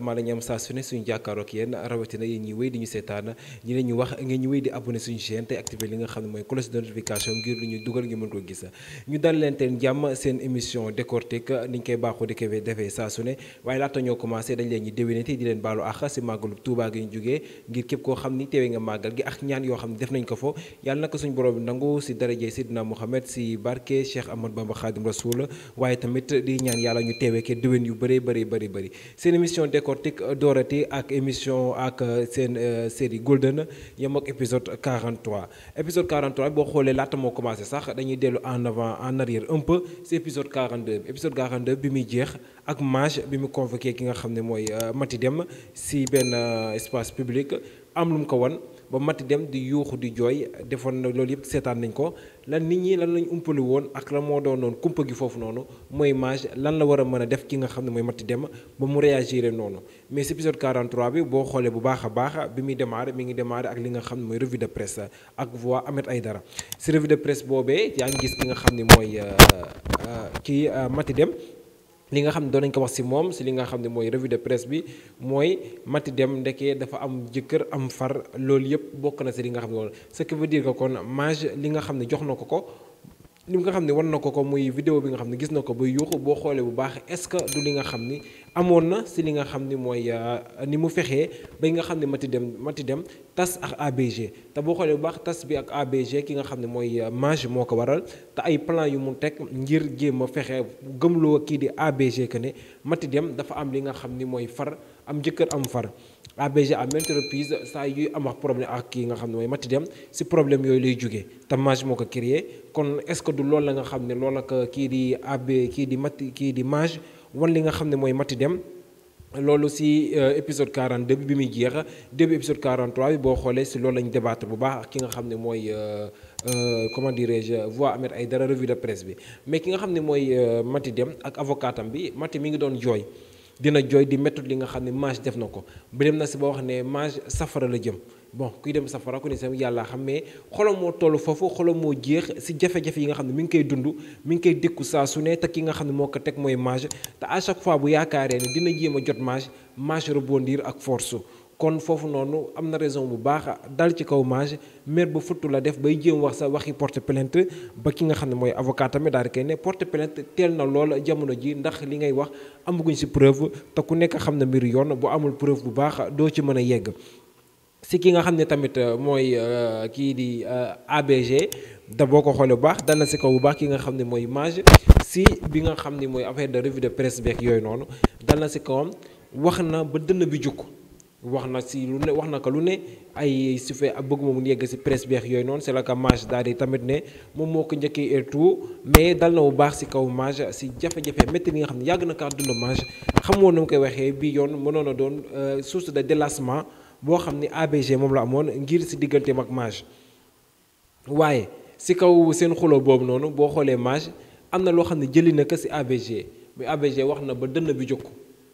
contentement la ñu am saa su ne suñu jàkkaaroo ak yéen rawatina yéen ñuy wéy di ñu seetaan ñi leen ñu wax ngeen ñu di abonné suñu chaîne te activé li nga xam ne mooy cloche de ngir dugal ngeen defee saa waaye laata ñoo commencé dañ leen ñi déwénati di leen baalu àq màggalu Tuubaa gi ñu ngir képp koo xam ni teewee nga màggal gi ak ñaan yoo xam ne def nañ ko fo yàlla naka suñu borom nangu si daraje Seydina Mouhamed si barke Cheikh Ahmadou décortique euh, doorati ak émission ak euh, sen euh, série Golden yem ak épisode 43 épisode 43 bo xolé laata moo commencé sax dañuy dellu en avant en arrière un peu si épisode 42 bi épisode 42 bi muy jeex ak mage bi mu convoqué ki nga xamné moy Matidem Mati Dem si benn espace public am lu ko won ba mati dem di yuuxu di jooy defoon na loolu yëpp seetaan nañ ko lan nit ñi lan lañ umpali woon ak la moo doon noonu kumpa gi foofu noonu mooy mage lan la war a mën a def ki nga xam ne mooy mati dem ba mu réagir noonu mais si épisode 43 bi boo xoolee bu baax a baax bi muy démarré mi ngi démarré ak li nga xam ne mooy revue de presse ak voix ay dara si revue de presse boobee yaa ngi gis ki nga xam ne mooy euh, euh, kii euh, mati dem li nga xam ne doon nañ ko wax si moom si li nga xam ne mooy revue de presse bi mooy Mati dem ndekkee dafa am jëkkër am far loolu yëpp bokk na si li nga xam ne loolu ce qui veut dire que kon mage li nga xam ne jox na ko ko li nga xam ne wan na ko ko muy video bi nga xam ne gis na ko ba yuuxu boo xoolee bu baax est que du li nga xam ni amoon na si li nga xam ni mooy euh, ni mu fexee ba nga xam ne mati dem mati dem tas ak ABG te boo xoolee bu baax tas bi ak ABG ki nga xam ne mooy euh, mange moo ko waral te ay plan yu mu teg ngir jéem a fexe gëmloo kii di ABG que ne mati dem dafa am li nga xam ni mooy far am jëkkër am far ABG à maintes reprises saa a am wax problème ak kii nga xamné moy mooy Maty Deme problème yoy lay jógee te Mange moo créé kon est-ce que du lool la nga xamné ne loolu ak kii di AB ki di mat ki di mage won li nga xamné moy mooy Maty Deme loolu si euh, épisode 42 bi mi jeex début épisode 43 bi bo xolé ci loolu lañ débattre bu baax ki nga xamné moy euh, euh, comment dirais-je voix Ahmed Aïdara revue de presse bi mais ki nga xam ne mooy euh, Maty Deme ak avocatam bi Maty mi ngi doon jooy dina joy di méthode li nga xamné ne mage def nako bi dem na ci bo xamné ne mage safara la jëm bon kuy dem safara ko ni sama yalla xam mais xolam moo toll foofu xolam moo jeex si jafé jafé yi nga xamné mi ngi koy dund mi ngi koy dékku sa suné ne ki nga xamné moko tek moy teg mooy mage te à chaque fois bu yaakaaree ni dina jéem jot mage mage rebondir ak force kon foofu noonu am na raison bu baax dal ci kaw mage maire bu futtu la def bay jéem wax sa waxi porte plainte ba ki nga xam ne mooy avocat tamit daal di ne porte plainte teel na lool jamono ji ndax li ngay wax amaguñ ci preuve te ku nekk xam na mbir yoon bu amul preuve bu baax doo ci mën a yegg si ki nga xam ne tamit euh, mooy euh, kii di euh, ABG da boo ko xoolee bu baax dal na si kaw bu baax ki nga xam ne mooy mage si bi nga xam ne mooy affaire de revue de presse beeg yooyu noonu dal na si kawam wax na ba dënn bi jukk wax si lu ne ay presse c'est la Mage daal tamit ne moom et tout mais dal na baax si kaw Mage si jafe-jafe métti nga xam ne na kaa dund bi euh, source de délassement boo ABG moom la amoon ngir si Mage waaye si kaw seen xuloo boobu noonu boo xoolee Mage am na loo xam ne jëli ABG mais ABG wax na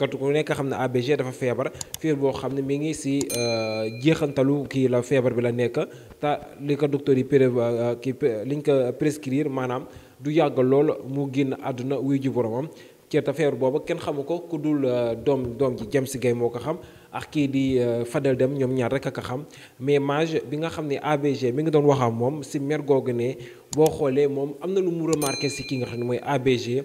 kat ku nekk xam ne ABG dafa feebar fiir boo xam ne mi ngi si euh, jeexantalu kii la feebar bi la nekk te li ko docteur yi pré euh, kii liñ ko prescrire maanaam du yàgg lool mu génn àdduna wuy ji boromam ceeta feebar boobu kenn xamu ko ku dul euh, doom doom ji si Gueye moo ko xam ak kii di Fadel dem ñoom ñaar rek a xam mais mage bi nga xam ne ABG mi ngi doon wax ak moom si mer googu ne boo xoolee moom am na lu mu remarqué si ki nga xam ne mooy ABG.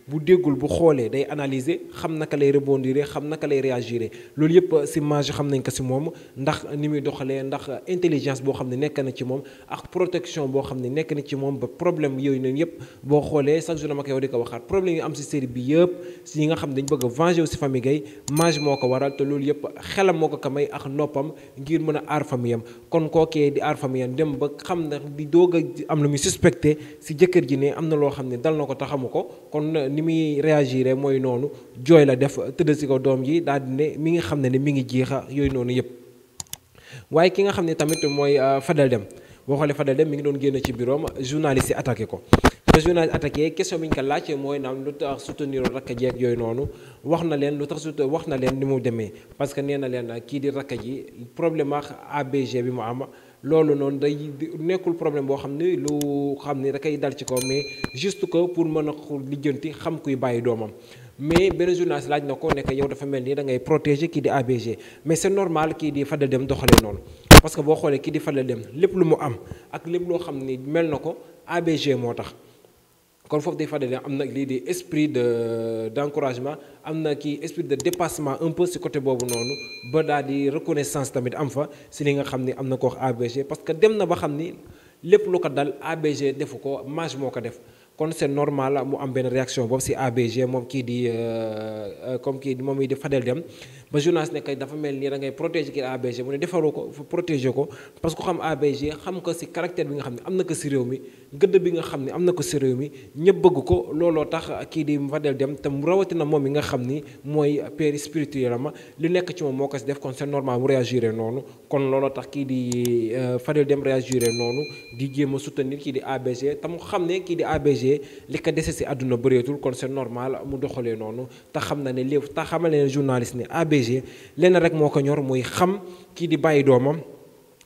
bu déggul bu xoolee day analyser xam naka lay rebondir xam naka lay réagir loolu yëpp si mage xam nañ ko si moom ndax ni muy doxalee ndax intelligence boo xam ne nekk na ci moom ak protection boo xam ne nekk na ci moom ba problème yooyu noonu yëpp boo xoolee chaque jour dama koy wax di ko waxaat problème yi am si série bi yëpp si ñi nga xam dañ bëgg a venger si famille Gaye mage moo ko waral te loolu yëpp xelam moo ko ko may ak noppam ngir mën a aar famiyam kon kookee di aar famiyam dem ba xam na di doog a am lu muy suspecté si jëkkër ji ne am na loo xam ne dal na ko taxamu ko kon ni muy réagir mooy noonu jooy la def tëdd si ko doom ji daal ne mi ngi xam ne ne mi ngi jiixa yooyu noonu yëpp waaye ki nga xam ne tamit mooy euh, Fadel Deme boo xoolee Fadel Deme mi ngi doon génn ci bureau journaliste yi attaqué ko te journaliste attaqué question bi ñu ko laajte mooy naam lu tax soutenir rakk ji ak yooyu noonu wax na leen lu tax sut wax na leen ni mu demee parce que nee na leen kii di rakk ji problème ak ABG bi mu am loolu non day nekul problème bo xam ne lu xam da kay dal ci ko mais juste que pour mën a lijjanti xam kuy baye domam mais benn journaliste laaj na ko nekk yow dafa mel ni da ngay protéger kii di ABG mais c'est normal kii di Fadel dem doxalee non parce que bo xolé kii di Fadel dem lepp lu mu am ak lepp lo xam mel nako ABG motax kon foofu des fois esprit de d'encouragement, un esprit de dépassement un peu ce côté boobu noonu ba reconnaissance tamit ce si li ABG parce que dès ba lu ko dal ABG Quand normal mu am réaction ABG qui dit comme Fadel ba ne dafa mel protéger ABG protéger parce que xam ABG xam caractère gëdd bi nga xam ne am na ko si réew mi ñëpp bëgg ko looloo tax kii di Fadel dem te rawatina moom mi nga xam ni mooy père spirituel ma lu nekk ci moom moo ko si def kon c'est normal mu noonu kon looloo tax kii di euh, Fadel Dème réagiré noonu di jéem a soutenir kii di ABG te mu xam ne kii di ABG li ko dese si àdduna bëreetul kon c'est normal mu doxalee noonu te xam na ne léegi te xamal ne journaliste ne ABG lenn rek moo ko ñor muy xam kii di bàyyi doomam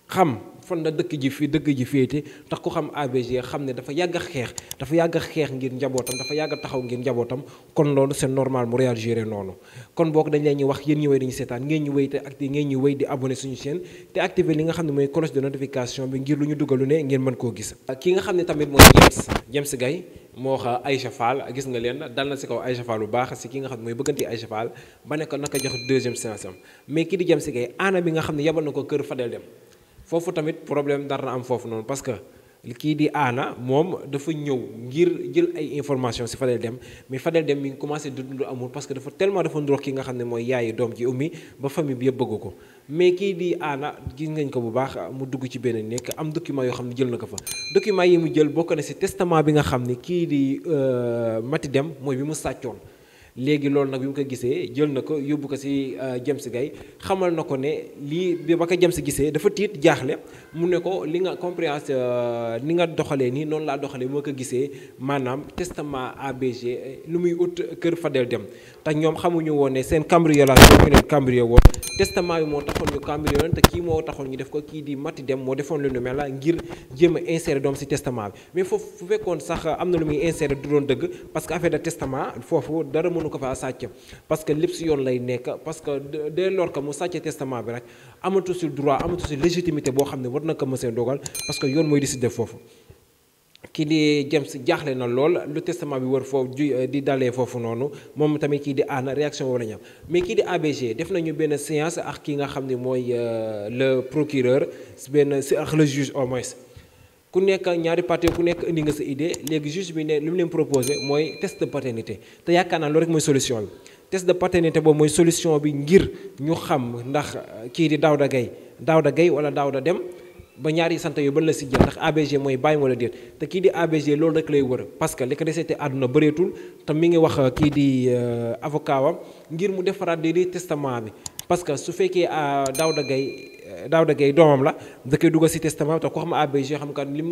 xam. fan la dëkk ji fi dëkk ji féete tax ku xam ABG xam ne dafa yàgg xeex dafa yàgg xeex ngir njabootam dafa yàgg taxaw ngir njabootam kon loolu c'est normal mu réagir noonu kon boog dañ leen ñuy wax yéen ñu wéy dañu seetaan ngeen ñu wéy te acti ngeen ñu wéy di abonné suñu chaîne te activé li nga xam ne mooy cloche de notification bi ngir lu ñu dugalu ne ngeen mën koo gis ki nga xam ne tamit mooy James James Gaye moo wax Aïcha Fall gis nga leen dal na si kaw Aïcha Fall bu baax si ki nga xam mooy bëggante Aïcha Fall ba ne ko naka jox deuxième séance am mais di James Gaye ana bi nga xam ne yabal na ko kër Fadel Deme fofu tamit problème dara na am fofu non parce que kii di ana moom dafa ñëw ngir jël ay information si Fadel dem mais Fadel dem mi ngi commencé di dund amour parce que dafa tellement dafa ndox ki nga xam ne mooy yaayu doom ji ummi ba famille bi yëpp bëgg ko mais kii di ana gis ngañ ko bu baax mu dugg ci benn nekk am document yoo xam ne jël na ko fa document yi mu jël bokk na si testament bi nga xam ne kii di euh, Mati dem mooy bi mu sàccoon léegi loolu nag bi mu ko gisee jël na ko yóbbu ko si euh, James Gaye xamal na ko ne lii bi ba ko James gisee dafa tiit jaaxle mu ne ko li nga compréhense euh, ni nga doxalee ni noonu laa doxalee moo ko gisee maanaam testament ABG lu euh, muy ut kër Fadel Dème te ñoom xamuñu woon ne seen cambriolage boobu leen cambriolé woon testament bi moo taxoon ñu cambriolé te kii moo taxoon ñu def ko kii di Mati Dème moo defoon lu nu mel la ngir jéem a insérer doom si testament mais foofu fu fekkoon sax am na lu muy insérer du doon dëgg parce que affaire parce que lépp si lay parce que dès lors que testament bi rek amatu droit amatu si légitimité boo xam war parce que yoon mooy def foofu James jaaxle na lool testament bi wër foofu eh, di dalee foofu noonu moom tamit kii di réaction ñam mais di ABG def nañu séance ak euh, le procureur benn le juge moins ku nekk ñaari partie ku nekk indi nga sa idée léegi juge bi ne li mu leen proposé mooy test de paternité te yaakaar naa loolu rek mooy solution bi test de paternité solution bi ngir ñu xam ndax eh, kii di Daouda Gaye Daouda Gaye wala Daouda dem ba ñaari sant yooyu ban la si jël ndax ABG mooy bàyyi wala déet te kii di ABG loolu rek lay wër parce que li ko desee te àdduna bëreetul te mi ngi wax eh, kii di eh, avocat wam ngir mu defaraat di testament bi parce que su fekkee Daouda Gaye daaw Daouda Gueye doomam la da koy dugal si testament te ko xam ABG xam kan lim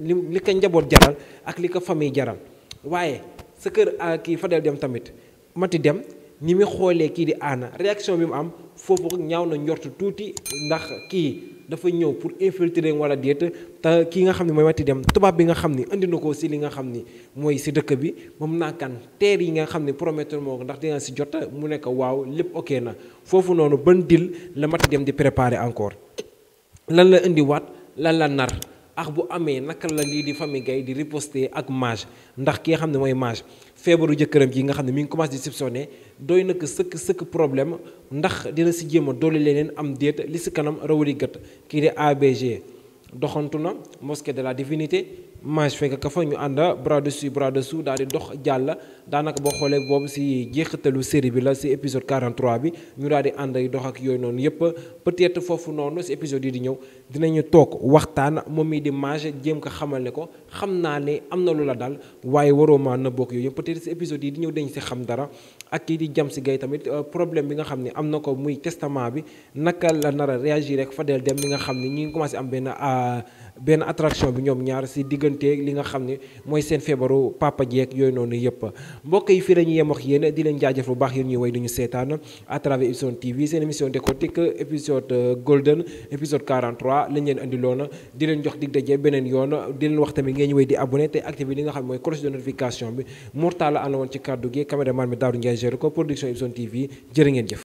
lim li ko njaboot jaral ak li ko famille jaral waaye sa kër ah, kii Fadel Deme tamit Mati dem ni mu xoolee kii di aana réaction bi mu am foofu ñaaw na njort tuuti ndax kii. dafa ñëw pour infiltrer wala diet ta ki nga xamni moy wati dem Deme bi nga xamni ni nako ci li nga xamni ni ci si dëkk bi mom na kan terre yi nga xamni prometteur promettre ndax dina si mu nekk waaw lepp oké na fofu nonu ban dil la mat dem di préparer encore lan la indi wat lan la nar ak bu amé naka la li di famille gay di riposter ak mage ndax ki nga xam mage feebaru jëkkëram ji nga xam ne mi ngi commencé di soupçonné doy na sëkk sëkk problème ndax dina si jéem a doole leneen am déet li si kanam rawali gët kii di ABG doxantu na mosquée de la divinité match fekk ka fa ñu ànd bras dessus bras dessous daal di dox jàll daanaka boo xoolee boobu si jeexitalu série bi la si épisode 43 bi ñu daal di ànd ay dox ak yooyu noonu yëpp peut-être foofu noonu si épisode yi di ñëw dinañu toog waxtaan moom mii di match jéem ko xamal ne ko xam naa ne am na lu la dal waaye waroo maa na bokk yooyu yëpp peut-être yi di ñëw dañ si xam dara ak kii di jam si gay tamit euh, problème bi nga xam ne am na ko muy testament bi naka la nar a réagir rek Fadel dem li nga xam ne ñu ngi commencé am benn euh, benn attraction bi ñoom ñaar si diggante li nga xam ne mooy seen feebaru papa jeeg yooyu noonu yëpp mbokk yi fii la ñuy yem di leen jaajëf bu baax yéen ñuy way duñu seetaan à travers Ivision TV seen émission décortique épisode euh, golden épisode lañ leen indiloon di leen jox dig daje beneen yoon di leen wax tamit ngeen way di abonné te activé li nga xam mooy cloche de notification bi Mourtala ànd woon ci kàddu gi caméraman mi Daaru Ndiaye ngeen jëf